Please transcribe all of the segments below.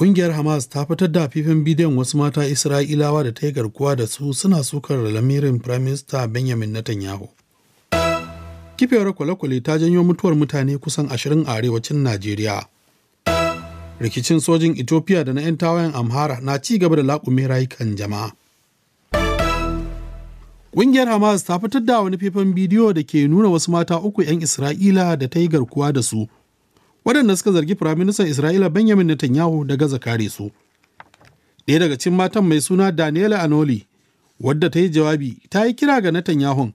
Ƙungiyar Hamas ta fitar da fifin bidiyon wasu mata Isra'ilawa da ta yi garkuwa da su suna sukar lamirin Prime Minister Benjamin Netanyahu. Kifewar kwale-kwale ta janyo mutuwar mutane kusan ashirin a arewacin Najeriya. Rikicin sojin Ethiopia da na 'yan tawayen Amhara na ci gaba da laƙume rayukan jama'a. Ƙungiyar Hamas ta fitar da wani fifin bidiyo da ke nuna wasu mata uku 'yan Isra'ila da ta yi garkuwa da su waɗanda suka zargi firaministan isra'ila benjamin netanyahu da gaza kare su ɗaya daga cikin matan mai suna daniela anoli wadda ta yi jawabi ta yi kira ga netanyahu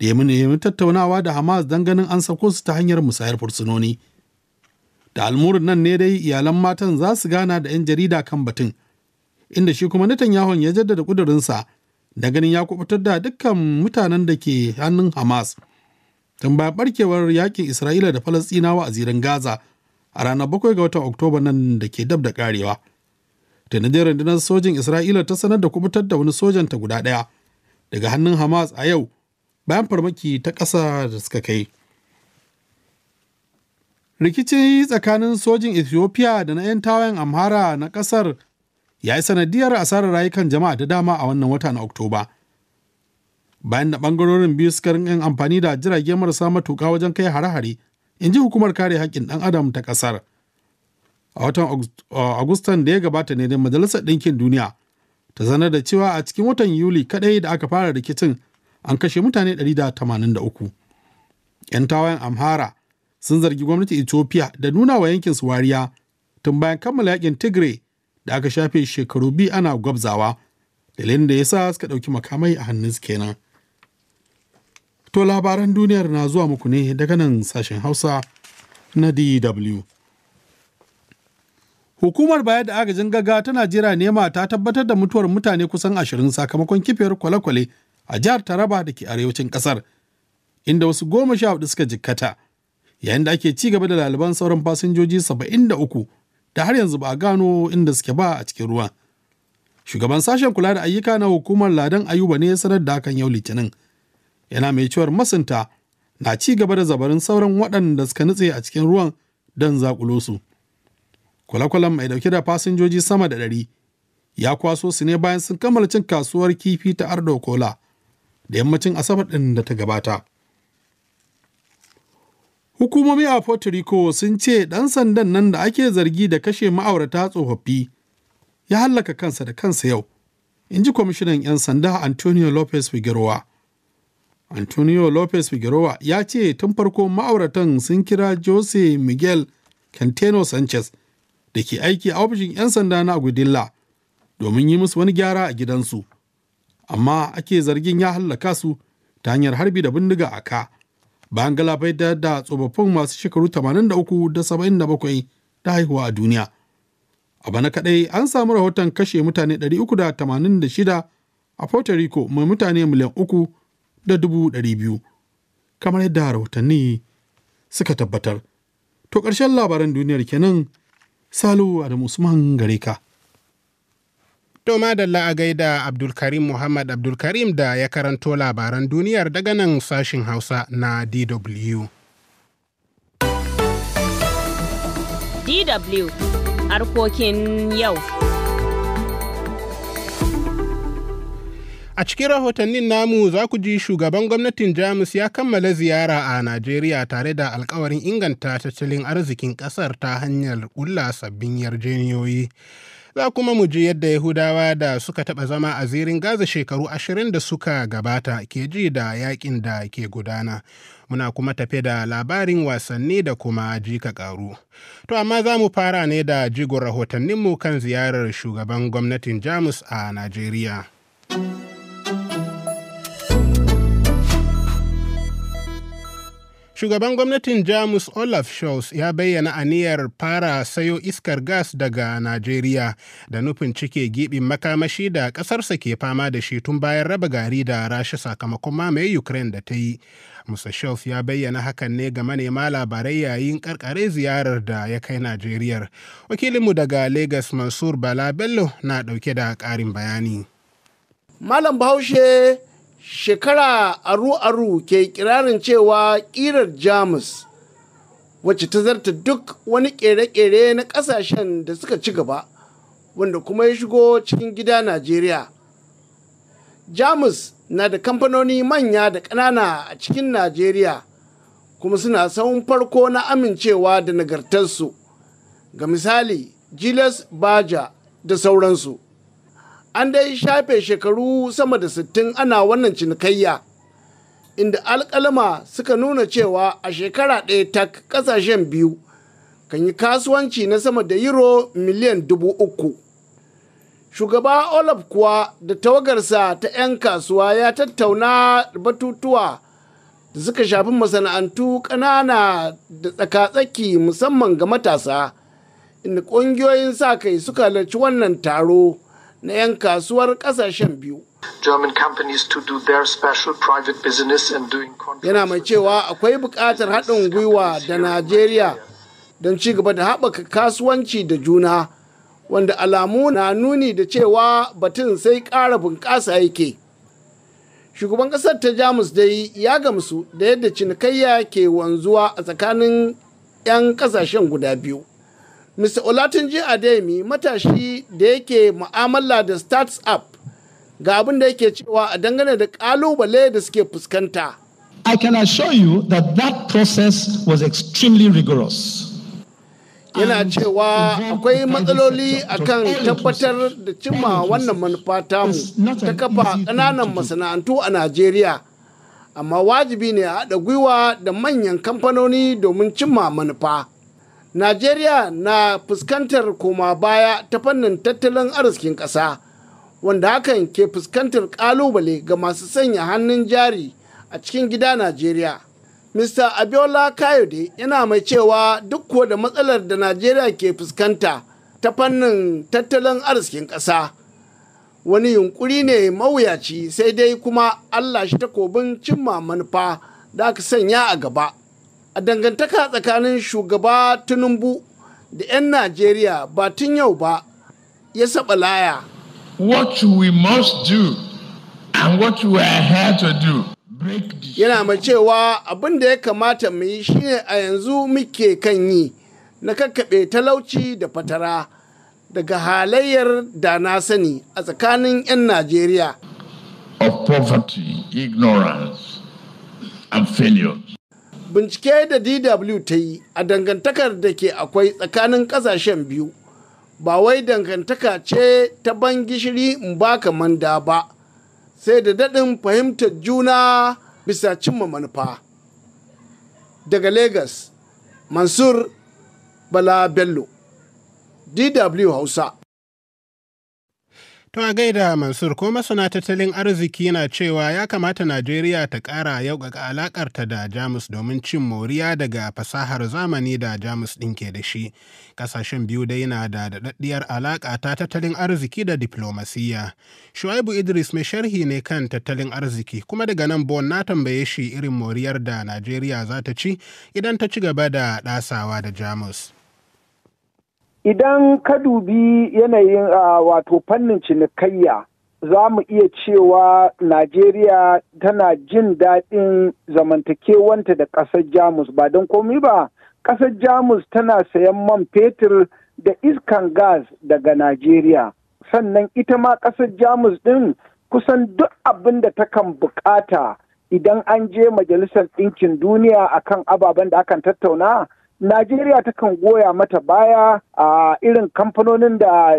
da ya nemi tattaunawa da hamas don ganin an sako su ta hanyar musayar fursunoni da almurin nan ne dai iyalan matan za su gana da 'yan jarida kan batun inda shi kuma netanyahu ya jaddada kudurinsa da ganin ya kubutar da dukkan mutanen da ke hannun hamas tambaya barkewar yakin isra'ila da falastinawa a zirin gaza a ranar bakwai ga watan oktoba nan da ke dab da karewa da na rundunar sojin isra'ila ta sanar da kubutar da wani sojanta guda ɗaya daga hannun hamas a yau bayan farmaki ta kasa da suka kai rikici tsakanin sojin ethiopia da na 'yan tawayen amhara na kasar ya yi sanadiyar asarar rayukan jama'a da dama a wannan wata na oktoba bayan da ɓangarorin biyu suka yin amfani da jirage marasa matuka wajen kai hare-hare in ji hukumar kare haƙƙin ɗan adam ta ƙasar a watan agustan da ya gabata ne da majalisar ɗinkin duniya ta zanar da cewa a cikin watan yuli kaɗai da aka fara rikicin an kashe mutane 183 'yan tawayen amhara sun zargi gwamnati ethiopia da nuna wa yankin su wariya tun bayan kammala yakin tigray da aka shafe shekaru biyu ana gwabzawa dalilin da ya sa suka ɗauki makamai a hannun su kenan. To labaran duniyar na zuwa muku ne daga nan sashen Hausa na DW. Hukumar bayar da agajin gaga ta Najeriya nema ta tabbatar da mutuwar mutane kusan ashirin sakamakon kifiyar kwale-kwale a jihar Taraba da ke arewacin kasar, inda wasu goma sha hudu suka jikkata, yayin da ake ci gaba da laliban sauran fasinjoji saba'in da uku da har yanzu ba a gano inda suke ba a cikin ruwa. Shugaban sashen kula da ayyuka na hukumar Ladan Ayuba ne ya sanar da hakan yau Litinin. yana mai cewar masunta na ci gaba da zabarin sauran waɗanda suka nutse a cikin ruwan don zakulo su. Kwale-kwalen mai ɗauke da fasinjoji sama da ɗari ya kwaso su ne bayan sun kammala cin kasuwar kifi ta Ardo Kola da yammacin Asabar ɗin da ta gabata. Hukumomi a Puerto Rico sun ce ɗan sandan nan da ake zargi da kashe ma'aurata tsofaffi ya hallaka kansa da kansa yau, in ji kwamishinan 'yan sanda Antonio Lopez Figueroa. antonio lopez figueroa ya ce tun farko ma'auratan sun kira jose miguel canteno sanchez da ke aiki a ofishin 'yan sanda na agudilla domin yi musu wani gyara a gidansu amma ake zargin ya hallaka su ta hanyar harbi da bindiga a ka bayan galabaita da tsofaffin masu shekaru 83 da 77 da haihuwa a duniya a bana kaɗai, an samu rahoton kashe mutane 386 a puerto rico mai mutane miliyan uku da dubu ɗari biyu kamar yadda rahotanni suka tabbatar to ƙarshen labaran duniyar kenan salu da usman gare ka To madalla a gaida Abdulkarim Muhammad Abdulkarim da ya karanto labaran duniyar daga nan sashin Hausa na DW. DW harkokin yau. A cikin rahotannin namu za ku ji shugaban gwamnatin Jamus ya kammala ziyara a Najeriya tare da alkawarin inganta tattalin arzikin ƙasar ta hanyar ƙulla sabbin yarjeniyoyi. Za kuma mu ji yadda Yahudawa da suka taɓa zama a zirin Gaza shekaru ashirin da suka gabata ke ji da yakin da ke gudana. Muna kuma tafe da labarin wasanni da kuma jika ƙaru. To amma za mu fara ne da jigon rahotanninmu kan ziyarar shugaban gwamnatin Jamus a Najeriya. Shugaban gwamnatin Jamus Olaf Scholz ya bayyana aniyar fara sayo iskar gas daga Najeriya da nufin cike giɓin makamashi da ƙasarsa ke fama da shi tun bayan raba gari da rasha sakamakon mamaye Ukraine da ta yi. Musa Scholz ya bayyana hakan ne ga manema labarai yayin ƙarƙare ziyarar da ya kai Najeriya. Wakilinmu daga Lagos Mansur Bala Bello na ɗauke da ƙarin bayani. Malam Bahaushe shekara aru-aru ke kirarin cewa ƙirar Jamus wacce ta zarta duk wani ƙere-ƙere na kasashen da suka ci gaba wanda kuma ya shigo cikin gida Najeriya. Jamus na da kamfanoni manya da ƙanana a cikin Najeriya kuma suna saun farko na amincewa da nagartarsu. Ga misali, jilas Baja da sauransu. an dai shafe shekaru sama da sittin ana wannan cinikayya inda alkalama suka nuna cewa a shekara ɗaya tak ƙasashen biyu kan yi kasuwanci na sama da euro miliyan dubu uku shugaba olaf kuwa da tawagarsa ta 'yan kasuwa ya tattauna batutuwa da suka shafi masana'antu ƙanana da tsaka-tsaki musamman ga matasa inda ƙungiyoyin sa kai suka halarci wannan taro na 'yan kasuwar kasashen biyu. Yana mai cewa akwai buƙatar haɗin gwiwa da Najeriya don ci gaba da haɓaka kasuwanci da juna, wanda alamu na nuni da cewa batun sai ƙara bunƙasa yake. Shugaban ƙasar ta Jamus dai ya gamsu da yadda cinikayya ke wanzuwa a tsakanin 'yan ƙasashen guda biyu. mr olatunji ademi matashi da yake mu'amala da starts up ga abin da yake cewa a dangane da kalubale da suke fuskanta i can assure you that that process was extremely rigorous yana cewa akwai matsaloli akan tabbatar da cimma wannan manufa tamu ta kafa ƙananan masana'antu a najeriya amma wajibi ne a haɗa gwiwa da manyan kamfanoni domin cimma manufa najeriya na fuskantar koma baya ta fannin tattalin arzikin ƙasa wanda hakan ke fuskantar ƙalubale ga masu sanya hannun jari a cikin gida najeriya mr abiola kayode yana mai cewa duk kuwa da matsalar da najeriya ke fuskanta ta fannin tattalin arzikin ƙasa wani yunkuri ne mawuyaci sai dai kuma allah shi takobin cimma manufa da aka sanya a gaba a dangantaka tsakanin shugaba tinubu da 'yan najeriya ba tun yau ba ya saba laya what we must do and what we are here to do yana mai cewa abin da ya kamata mu yi shine a yanzu muke kan yi na kakkaɓe talauci da fatara daga halayyar da na sani a tsakanin 'yan najeriya of poverty ignorance and failures bincike da dw ta yi a dangantakar da ke akwai tsakanin ƙasashen biyu ba wai dangantaka ce ta ban gishiri in baka manda ba sai da daɗin fahimtar juna bisa cimma manufa daga Legas’ mansur bala bello dw hausa To a gaida Mansur ko masana tattalin arziki na cewa ya kamata Najeriya ta ƙara yauƙaƙa alaƙarta da Jamus domin cin moriya daga fasahar zamani da Jamus ɗin ke da shi. Ƙasashen biyu dai na da daɗaɗɗiyar alaƙa ta tattalin arziki da diplomasiya. Shu'aibu Idris mai sharhi ne kan tattalin arziki kuma daga nan Bon na tambaye shi irin moriyar da Najeriya za ta ci idan ta ci gaba da ɗasawa da Jamus. Idan ka dubi yanayin wato fannin cinikayya za mu iya cewa Najeriya tana jin daɗin zamantakewanta da ƙasar Jamus ba don komi ba. Ƙasar Jamus tana sayan man fetur da iskan gas daga Najeriya. Sannan ita ma ƙasar Jamus ɗin kusan duk abin da takan buƙata idan an je Majalisar Ɗinkin Duniya akan ababen da akan tattauna. Najeriya takan goya mata baya a irin kamfanonin da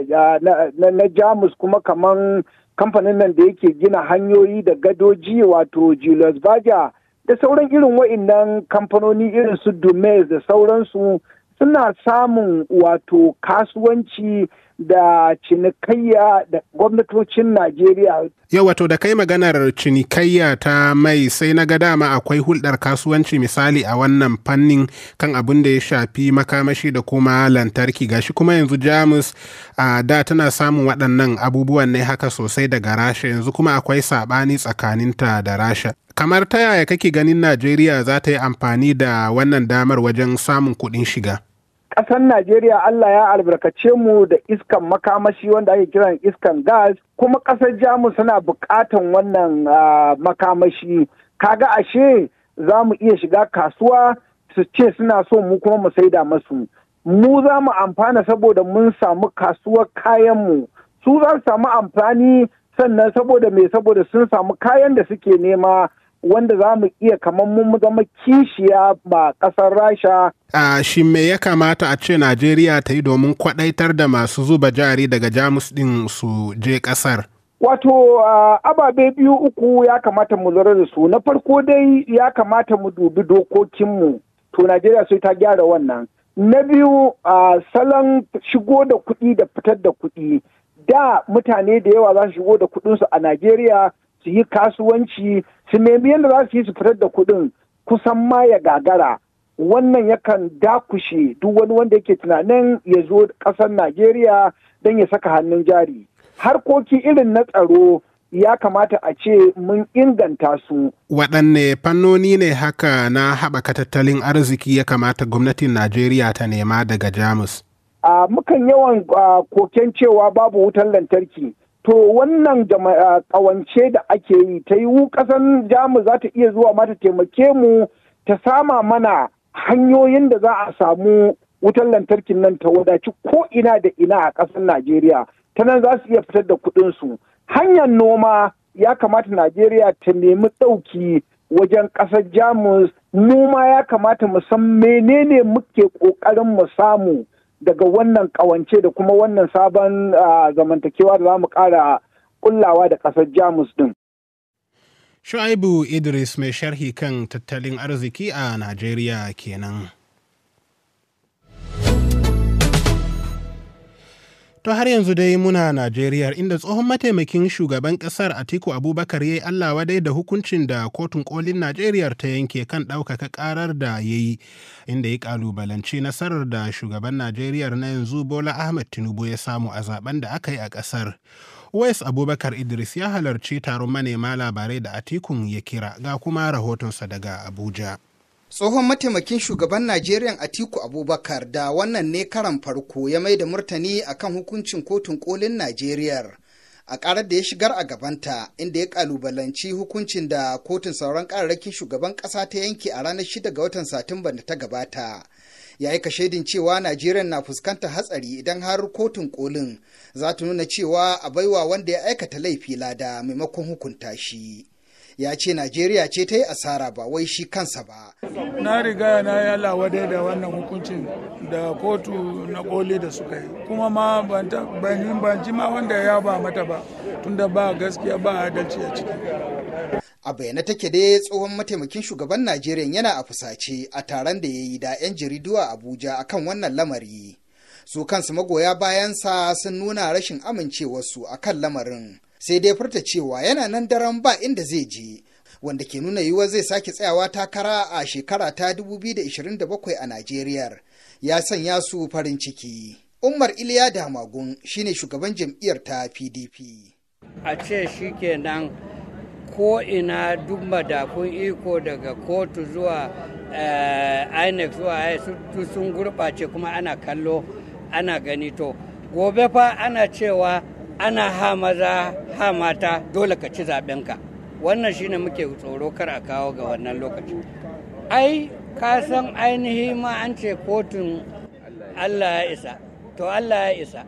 na Jamus kuma kaman kamfanin nan da yake gina hanyoyi da gadoji wato Julius Baja da sauran irin wa'innan kamfanoni irin su Dumez da sauransu suna samun wato kasuwanci da cinikayya da gwamnatocin Najeriya. Yau wato da kai maganar cinikayya ta mai sai na ga dama akwai hulɗar kasuwanci misali a wannan fannin kan abin da ya shafi makamashi da kuma lantarki gashi kuma yanzu Jamus a da tana samun waɗannan abubuwan ne haka sosai daga Rasha yanzu kuma akwai saɓani tsakaninta da Rasha. Kamar ta yaya kake ganin Najeriya za ta yi amfani da wannan damar wajen samun kuɗin shiga? ƙasar Najeriya Allah ya albarkace mu da iskan makamashi wanda ake kiran iskan gas kuma ƙasar Jamus suna buƙatan wannan makamashi kaga ashe za mu iya shiga kasuwa su ce suna so mu kuma mu saida masu mu za mu amfana saboda mun samu kasuwar kayanmu su za su samu amfani sannan saboda me saboda sun samu kayan da suke nema wanda za mu iya kamar mun zama kishiya ma ƙasar rasha a shi me ya kamata a ce najeriya ta yi domin kwaɗaitar da masu zuba jari daga jamus ɗin su je ƙasar Wato ababe biyu uku ya kamata mu lura da su na farko dai ya kamata mu dubi dokokinmu to Najeriya sai ta gyara wannan. Na biyu a salon shigo da kuɗi da fitar da kuɗi da mutane da yawa za su shigo da kuɗinsu a Najeriya su yi kasuwanci su nemi yadda za su yi su fitar da kuɗin kusan ma ya gagara wannan yakan dakushe duk wani wanda yake tunanin ya zo ƙasar najeriya don ya saka hannun jari harkoki irin na tsaro ya kamata a ce mun inganta su. Waɗanne fannoni ne haka na haɓaka tattalin arziki ya kamata gwamnatin Najeriya ta nema daga Jamus? A mukan yawan uh, koken cewa babu wutan lantarki. to wannan kawance da ake yi ta yiwu ƙasan jamus za ta iya zuwa mata taimake mu ta sama mana hanyoyin da za a samu wutar lantarkin nan ta wadaci ko ina da ina a ƙasar najeriya ta nan za su iya fitar da kuɗinsu hanyar noma ya kamata najeriya ta nemi ɗauki wajen ƙasar jamus Noma ya kamata mu san menene muke ƙoƙarin mu samu daga wannan kawance da kuma wannan sabon zamantakewa da za mu kara kullawa da kasar jamus din. Shu'aibu Idris mai sharhi kan tattalin arziki a Najeriya kenan. To har yanzu dai muna Najeriya inda tsohon mataimakin shugaban ƙasar Atiku Abubakar ya yi Allah wadai da hukuncin da kotun kolin Najeriya ta yanke kan ɗaukaka ƙarar da ya yi inda ya ƙalubalanci nasarar da shugaban Najeriya na yanzu Bola Ahmed Tinubu ya samu a zaben da aka yi a ƙasar. Wes Abubakar Idris ya halarci taron manema labarai da Atikun ya kira ga kuma rahotonsa daga Abuja. Tsohon mataimakin shugaban Najeriya Atiku Abubakar da wannan ne karan farko ya mai da murtani akan hukuncin kotun kolin Najeriya. A karar da ya shigar a gabanta inda ya ƙalubalanci hukuncin da kotun sauran kararrakin shugaban ƙasa ta yanke a ranar 6 ga watan Satumba da ta gabata. ya aika shaidin cewa Najeriya na fuskantar hatsari idan har kotun kolin za ta nuna cewa a baiwa wanda ya aikata laifi lada maimakon hukunta shi. ya ce najeriya ce ta yi asara ba wai shi kansa ba na riga na yi lawade da wannan hukuncin da kotu na koli da suka yi kuma ma ban ji ma wanda ya ba mata ba tunda ba gaskiya ba adalci a ciki a bayyana take dai tsohon mataimakin shugaban najeriya yana a fusace a taron da ya yi da 'yan jaridu a abuja akan wannan lamari su kansu magoya bayansa sun nuna rashin amincewarsu akan lamarin sai dai furta cewa yana nan daren ba inda zai je wanda ke nuna yiwuwar zai sake tsayawa takara a shekara ta 2027 a Najeriya ya sanya su farin ciki. Umar Iliya Damagun shine shugaban jam'iyyar ta PDP. A ce shi shikenan ko ina duk madafun iko daga kotu zuwa eh, INEC zuwa sun gurɓace kuma ana kallo ana gani to gobe fa ana cewa ana ha maza ha mata dole ka ci zaɓenka wannan shine muke tsoro kar a kawo ga wannan lokaci ai ka san ainihi ma an ce kotun allah ya isa to allah ya isa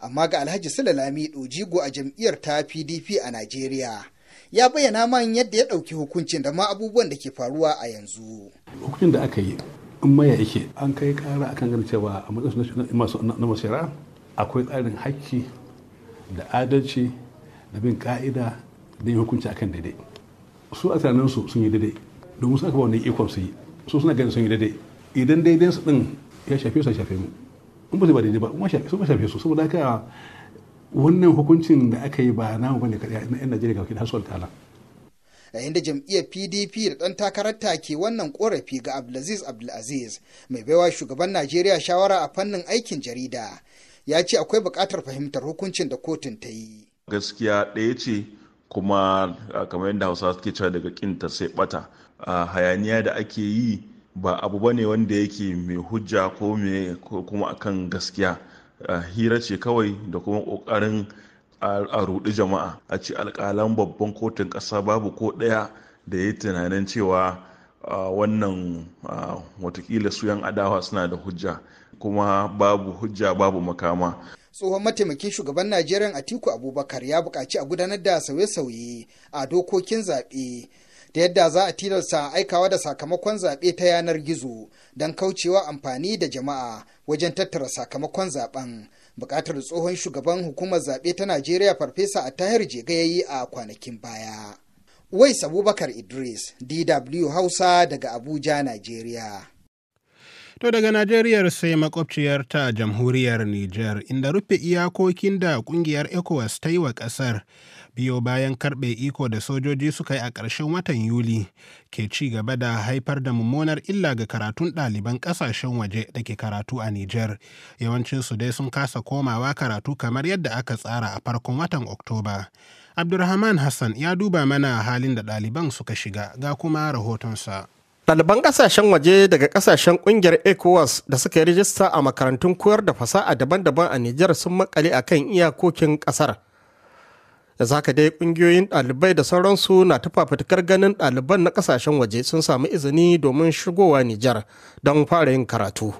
amma ga alhaji sulalami ɗojigo a jam'iyyar ta pdp a najeriya ya bayyana man yadda ya ɗauki hukuncin da ma abubuwan da ke faruwa a yanzu hukuncin da aka yi in maya yake an kai kara akan ganin cewa a matsayin na masu akwai tsarin hakki da adalci da bin ka'ida da yin hukunci akan daidai su a tunanin su sun yi daidai domin suka aka wannan ikon su yi su suna ganin sun yi daidai idan daidai su din ya shafe su ya shafe mu in ba su ba daidai ba kuma shafe su ba shafe su saboda haka wannan hukuncin da aka yi ba mu bane kadai na yan Najeriya kawai har su ta'ala yayin da jam'iyyar pdp da ɗan ta ke wannan korafi ga abdulaziz abdulaziz mai baiwa shugaban najeriya shawara a fannin aikin jarida ya ce akwai buƙatar fahimtar hukuncin da kotun ta yi. Gaskiya ɗaya ce kuma kamar yadda Hausa suke cewa daga kinta sai bata hayaniya da ake yi ba abu bane wanda yake mai hujja ko kuma akan gaskiya hira ce kawai da kuma ƙoƙarin a rudi jama'a a ce alƙalan babban kotun ƙasa babu ko ɗaya da ya tunanin cewa wannan watakila su yan adawa suna da hujja kuma babu hujja babu makama tsohon mataimakin shugaban najeriya atiku abubakar ya buƙaci a gudanar da sauye-sauye a dokokin zaɓe da yadda za a tilasta aikawa da sakamakon zaɓe ta yanar gizo don kaucewa amfani da jama'a wajen tattara sakamakon zaɓen buƙatar tsohon shugaban hukumar zaɓe ta najeriya farfesa a tahir jega yayi a kwanakin baya Wais Abubakar Idris, DW Hausa daga Abuja, Najeriya. To daga Najeriya sai makwabciyar ta jamhuriyar Nijar inda rufe iyakokin da kungiyar ECOWAS ta yi wa ƙasar biyo bayan karɓe iko da sojoji suka yi a ƙarshen watan Yuli ke ci gaba da haifar da mummunar illa ga karatun ɗaliban ƙasashen waje da ke karatu a Nijar. Yawancinsu dai sun kasa komawa karatu kamar yadda aka tsara a farkon watan Oktoba. Abdulrahman Hassan ya duba mana halin da ɗaliban suka shiga ga kuma rahotonsa. Ɗaliban ƙasashen waje daga ƙasashen ƙungiyar ECOWAS da suka yi rijista a makarantun koyar da fasaha daban-daban a Nijar sun makale a kan iyakokin ƙasar. Da zaka dai ƙungiyoyin ɗalibai da sauransu na ta fafutukar ganin ɗaliban na ƙasashen waje sun samu izini domin shigowa Nijar don fara yin karatu.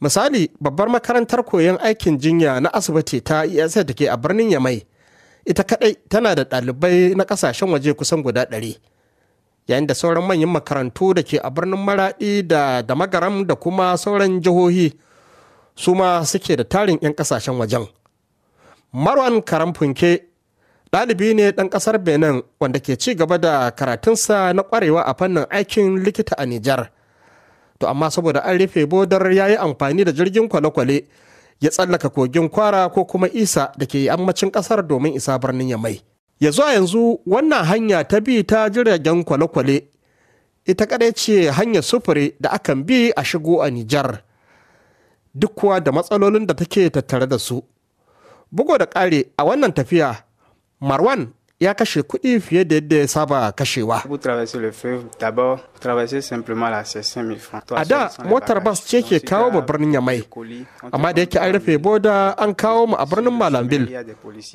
Misali, babbar makarantar koyon aikin jinya na asibiti ta ESA da ke a birnin Yamai ita kadai tana da ɗalibai na ƙasashen waje kusan guda ɗari yayin da sauran manyan makarantu da ke a birnin maraɗi da da magaram da kuma sauran jihohi su ma suke da tarin 'yan ƙasashen wajen marwan Funke ɗalibi ne ɗan ƙasar benin wanda ke ci gaba da karatunsa na ƙwarewa a fannin aikin likita a nijar to amma saboda an rufe bodar ya yi amfani da jirgin kwale-kwale ya tsallaka kogin kwara ko kuma isa da ke yammacin ƙasar domin isa birnin yamai ya zuwa yanzu wannan hanya ta bi ta jiragen kwale-kwale ita kadai ce hanyar sufuri da akan bi a shigo a nijar duk kuwa da matsalolin da take tattare da su bugu da ƙare a wannan tafiya marwan ya kashe kuɗi fiye da yadda ya saba kashewa. A da motar bas ce ke kawo ma birnin Yamai, amma da yake an rufe boda an kawo mu a birnin Malambil,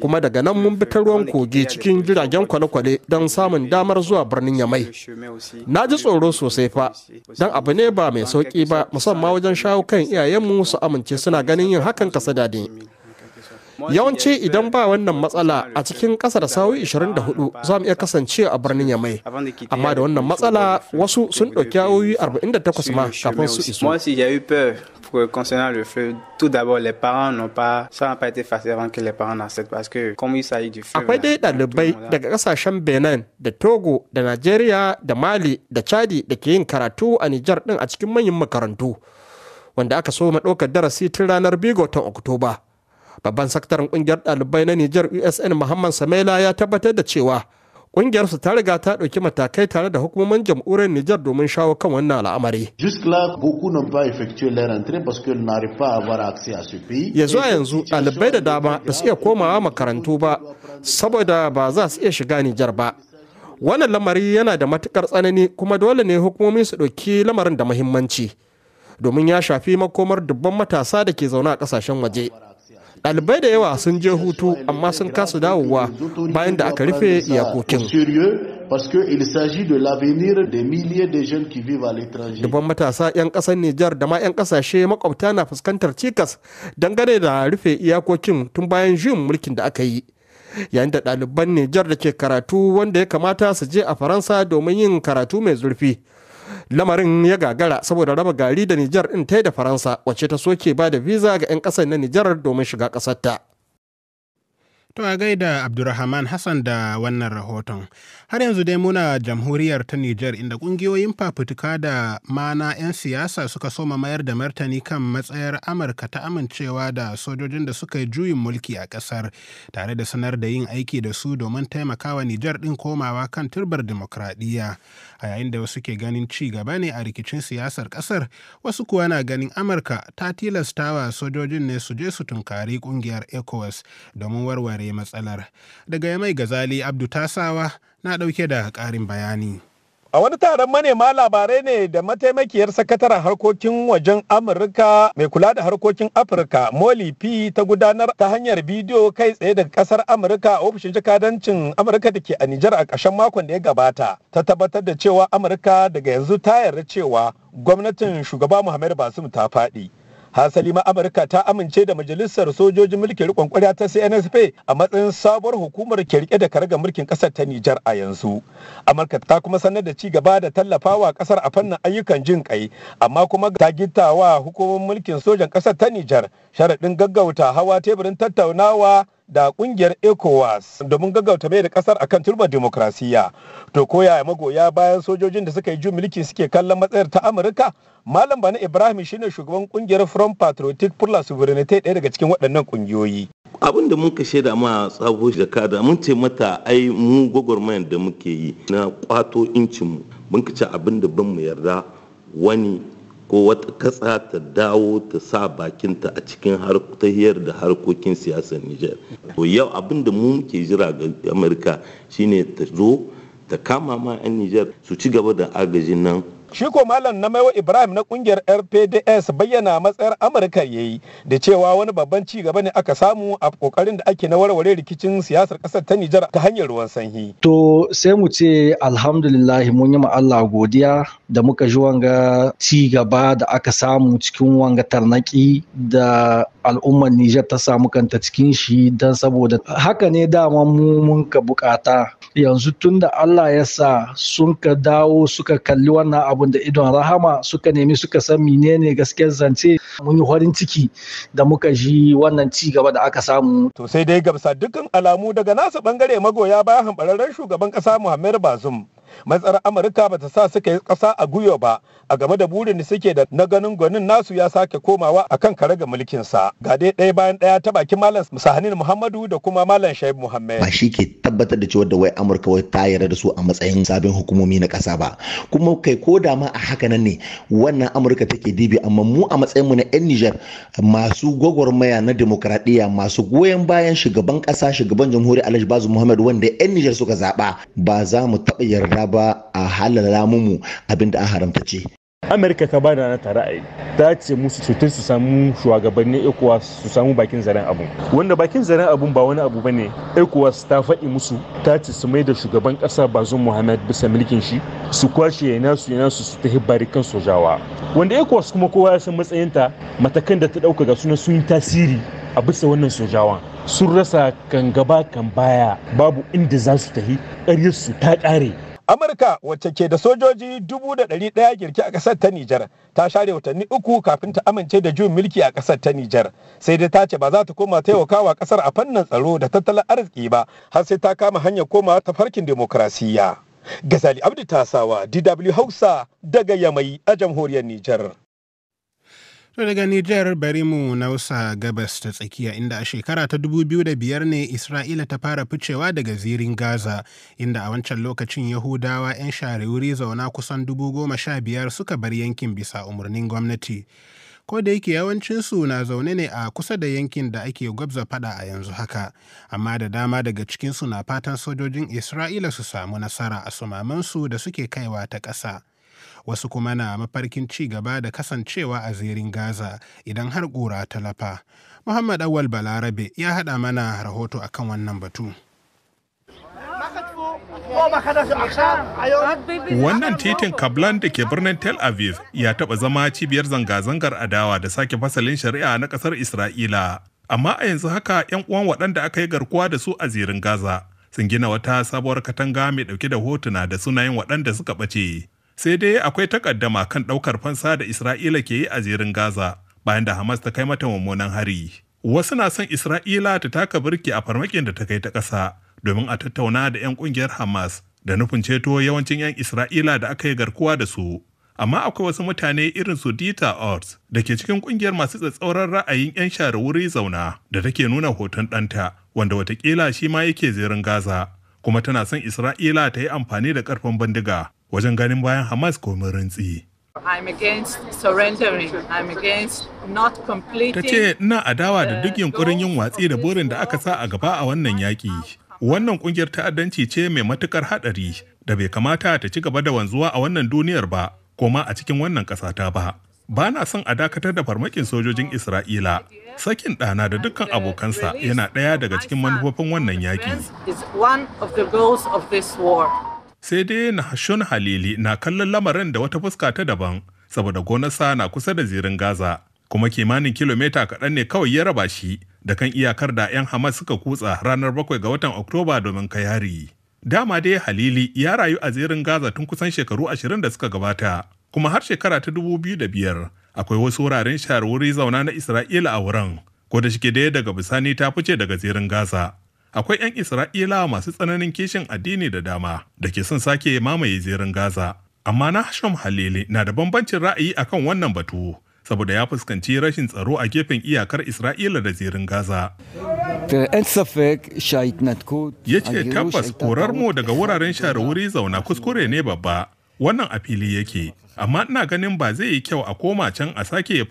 kuma daga nan mun bi ta ruwan kogi cikin jiragen kwale-kwale don samun damar zuwa birnin Yamai. Na ji tsoro sosai fa, don abu ne ba mai sauƙi ba musamman wajen shawo kan iyayenmu su amince suna ganin yin hakan kasa ne. yawanci idan ba wannan matsala a cikin ƙasa da sawi 24 za mu iya kasance a birnin yamai amma da wannan matsala wasu sun ɗauki awoyi 48 ma kafin su isu. concernant le feu, tout d'abord les parents n'ont pas ça n'a pas été facile avant que les parents parce que comme il s'agit du feu akwai dai ɗalibai daga ƙasashen Benin da Togo da Nigeria da Mali da Chadi da ke yin karatu a Nijar ɗin a cikin manyan makarantu wanda aka so ma ɗaukar darasi tun ranar 2 ga watan Oktoba babban sakataren kungiyar ɗalibai na nijar usn muhammad samela ya tabbatar da cewa ƙungiyarsu ta riga ta ɗauki matakai tare da hukumomin jam'urin Nijar domin shawo kan wannan al'amari. Ya a yanzu ɗalibai da dama ba su iya komawa makarantu ba saboda ba za su iya shiga Nijar ba. Wannan lamari yana da matukar tsanani kuma dole ne hukumomi su ɗauki lamarin da muhimmanci domin ya shafi makomar dubban matasa da ke zaune a ƙasashen waje. ɗalibai da yawa sun je hutu amma sun kasa dawowa bayan da aka rufe iyakokin dubban matasa 'yan ƙasar Nijar da ma 'yan ƙasashe makwabta na fuskantar cikas dangane da rufe iyakokin tun bayan jin mulkin da aka yi yayin da ɗaliban Nijar da ke karatu wanda ya kamata su je a Faransa domin yin karatu mai zurfi lamarin ya gagara saboda raba gari da nijar in ta da faransa wacce ta soke ba da visa ga 'yan ƙasar na nijar domin shiga ƙasarta To a gaida Abdulrahman Hassan da wannan rahoton. Har yanzu dai muna jamhuriyar ta Nijar inda kungiyoyin fafutuka da mana 'yan siyasa suka soma mayar da martani kan matsayar Amurka ta amincewa da sojojin da suka yi juyin mulki a ƙasar tare da sanar da yin aiki da su domin taimakawa Nijar ɗin komawa kan turbar dimokuraɗiyya. A yayin da wasu ke ganin ci gaba ne a rikicin siyasar ƙasar, wasu kuwa na ganin Amurka ta tilastawa sojojin ne su je su tunkari ƙungiyar ECOWAS domin warware yi matsalar. Daga mai Gazali Abdu Tasawa na ɗauke da ƙarin bayani. A wani taron manema labarai ne da mataimakiyar sakataren harkokin wajen Amurka mai kula da harkokin Afirka Molly P ta gudanar ta hanyar bidiyo kai tsaye daga kasar Amurka a ofishin jakadancin Amurka da ke a Nijar a ƙarshen makon da ya gabata. Ta tabbatar da cewa Amurka daga yanzu ta yarda cewa gwamnatin shugaba Muhammadu Basum ta faɗi. hasali ma amurka ta amince da majalisar sojojin mulkin rikon kwarya ta cnsp a matsayin sabuwar hukumar ke rike da karagar mulkin kasar ta nijar a yanzu amurka ta kuma sanar da ci gaba da tallafawa kasar a fannin ayyukan jin kai amma kuma ta gittawa hukumar mulkin sojan kasar ta nijar sharaɗin gaggauta hawa teburin tattaunawa da kungiyar ECOWAS domin gaggauta mai da kasar akan turbar demokrasiya. To koya magoya bayan sojojin da suka yi jin mulki suke kallon matsayar ta Amurka? Malam Bani Ibrahim shine shugaban kungiyar Front Patriotic pour la Souveraineté ɗaya daga cikin waɗannan kungiyoyi. abin da muka shaida ma tsabo jakada mun ce mata ai mu gwagwarmayar da muke yi na kwato incinmu mun ci abin da ban mu yarda wani ko wata ƙasa ta dawo ta sa bakinta a cikin tahiyar da harkokin siyasar Nijar. To yau abin da mu muke jira ga Amurka shine ta zo ta kama ma 'yan Nijar su ci gaba da agajin nan Shi ko malam na maiwa Ibrahim na kungiyar RPDS bayyana matsayar Amurka ya yi da cewa wani babban ci gaba ne aka samu a kokarin da ake na warware rikicin siyasar kasar ta Nijar ta hanyar ruwan sanyi. To sai mu ce alhamdulillah mun yi ma Allah godiya da muka ji wanga ci gaba da aka samu cikin wanga tarnaki da al'ummar Nijar ta samu kanta cikin shi don saboda haka ne dama mu mun ka bukata yanzu tunda Allah ya sa sun ka dawo suka kalli wannan abu abin da idon rahama suka nemi suka san menene gaskiyar zance mun yi farin ciki da muka ji wannan ci gaba da aka samu to sai dai gamsa dukkan alamu daga nasa bangare magoya bayan hambararren shugaban kasa Muhammad Bazum matsar amurka ba ta sa suka yi kasa a guyo ba a game da burin da suke da na ganin gwanin nasu ya sake komawa a kan kare ga mulkinsa ga dai ɗaya bayan ɗaya ta bakin malam sahanin muhammadu da kuma malam shaib muhammad ba shi ke tabbatar da cewa da wai amurka wai ta yarda da su a matsayin sabon hukumomi na ƙasa ba kuma kai ko da ma a haka nan ne wannan amurka take dibi amma mu a matsayin mu na 'yan nijar masu gwagwarmaya na demokradiyya masu goyon bayan shugaban kasa shugaban jamhuri alhaji bazu muhammad wanda 'yan nijar suka zaɓa ba za mu taɓa yarda ba a halala mu abin da an haramta ce amurka ta bada da nata ra'ayi ta ce musu cutar su samu shugabannin ecowas su samu bakin zaren abu. wanda bakin zaren abun ba wani abu bane ecowas ta faɗi musu ta ce su mai da shugaban ƙasa bazum muhammad bisa mulkin shi su kwashe ya nasu ya nasu su ta barikan kan sojawa wanda ecowas kuma kowa ya san matsayinta matakan da ta ɗauka ga suna sun yi tasiri a bisa wannan sojawan sun rasa kan gaba kan baya babu inda za su tahi ƙaryar su ta ƙare Amurka wacce ke da sojoji dubu da ɗari ɗaya girki a ƙasar ta Nijar ta share watanni uku kafin ta amince da juyin mulki a ƙasar ta Nijar sai dai ta ce ba za ta koma taimakawa ƙasar a fannin tsaro da tattalin arziki ba har sai ta kama hanyar komawa ta farkin demokrasiyya. Gazali Abdi Tasawa DW Hausa daga Yamai a jamhuriyar Nijar. To daga Nijar bari mu nausa gabas ta tsakiya inda a shekara ta dubu biyu da biyar ne Isra'ila ta fara ficewa daga zirin Gaza inda a wancan lokacin Yahudawa 'yan share wuri zauna kusan dubu goma sha biyar suka bar yankin bisa umarnin gwamnati. ko da yake yawancinsu na zaune ne a kusa da yankin da ake gwabza fada a yanzu haka amma da dama daga cikinsu na fatan sojojin isra'ila su samu nasara a sumamansu da suke kaiwa ta ƙasa wasu kuma na mafarkin ci gaba da kasancewa a zirin gaza idan har ƙura ta lafa muhammad awal balarabe ya haɗa mana rahoto akan wannan batu Wannan titin Kablan da ke birnin Tel Aviv ya taɓa zama cibiyar zanga-zangar adawa da sake fasalin shari'a na ƙasar Isra'ila. Amma a yanzu haka 'yan uwan waɗanda aka yi garkuwa da su a zirin Gaza sun gina wata sabuwar katanga mai ɗauke da hotuna da sunayen waɗanda suka ɓace. sai dai akwai takaddama kan ɗaukar fansa da isra'ila ke yi a zirin gaza bayan da hamas ta kai mata mummunan hari wasu na son isra'ila ta taka birki a farmakin da ta kai ta ƙasa domin a tattauna da 'yan ƙungiyar hamas da nufin ceto yawancin 'yan isra'ila da aka yi garkuwa da su amma akwai wasu mutane irin su dita Ort da ke cikin ƙungiyar masu tsatsauran ra'ayin 'yan share wuri zauna da take nuna hoton ɗanta wanda watakila shi ma yake zirin Gaza kuma tana son Isra'ila ta yi amfani da ƙarfin bindiga wajen ganin bayan Hamas komin rintsi. Ta ce ina adawa da duk yunkurin yin watsi da burin da aka sa a gaba a wannan yaƙi. Wannan ƙungiyar ta'addanci ce mai matukar haɗari da bai kamata ta ci gaba da wanzuwa a wannan duniyar ba, koma a cikin wannan ƙasata ba. Ba na son a dakatar da farmakin sojojin Isra'ila. Sakin ɗana da dukkan abokansa yana ɗaya daga cikin manufofin wannan yaƙi. sai dai na shun halili na kallon lamarin da wata fuska ta daban saboda gonarsa na kusa da zirin gaza kuma kimanin kilomita kaɗan ne kawai ya raba shi da kan iyakar da 'yan hamas suka kutsa ranar bakwai ga watan oktoba domin kai hari dama dai halili ya rayu a zirin gaza tun kusan shekaru ashirin da suka gabata kuma har shekara ta dubu biyu da biyar akwai wasu wuraren shahararwuri zauna na isra'ila a wurin ko da shike daya daga bisani ta fice daga zirin gaza akwai 'yan Isra'ila masu tsananin kishin addini da dama da ke son sake mamaye zirin Gaza. Amma na Hashim Halili na da bambancin ra'ayi akan wannan batu, saboda ya fuskanci rashin tsaro a gefen iyakar Isra'ila da zirin Gaza. Ya ce tabbas korar mu daga wuraren share wuri zauna kuskure ne babba, wannan a fili yake, amma ina ganin ba zai yi kyau a koma can a sake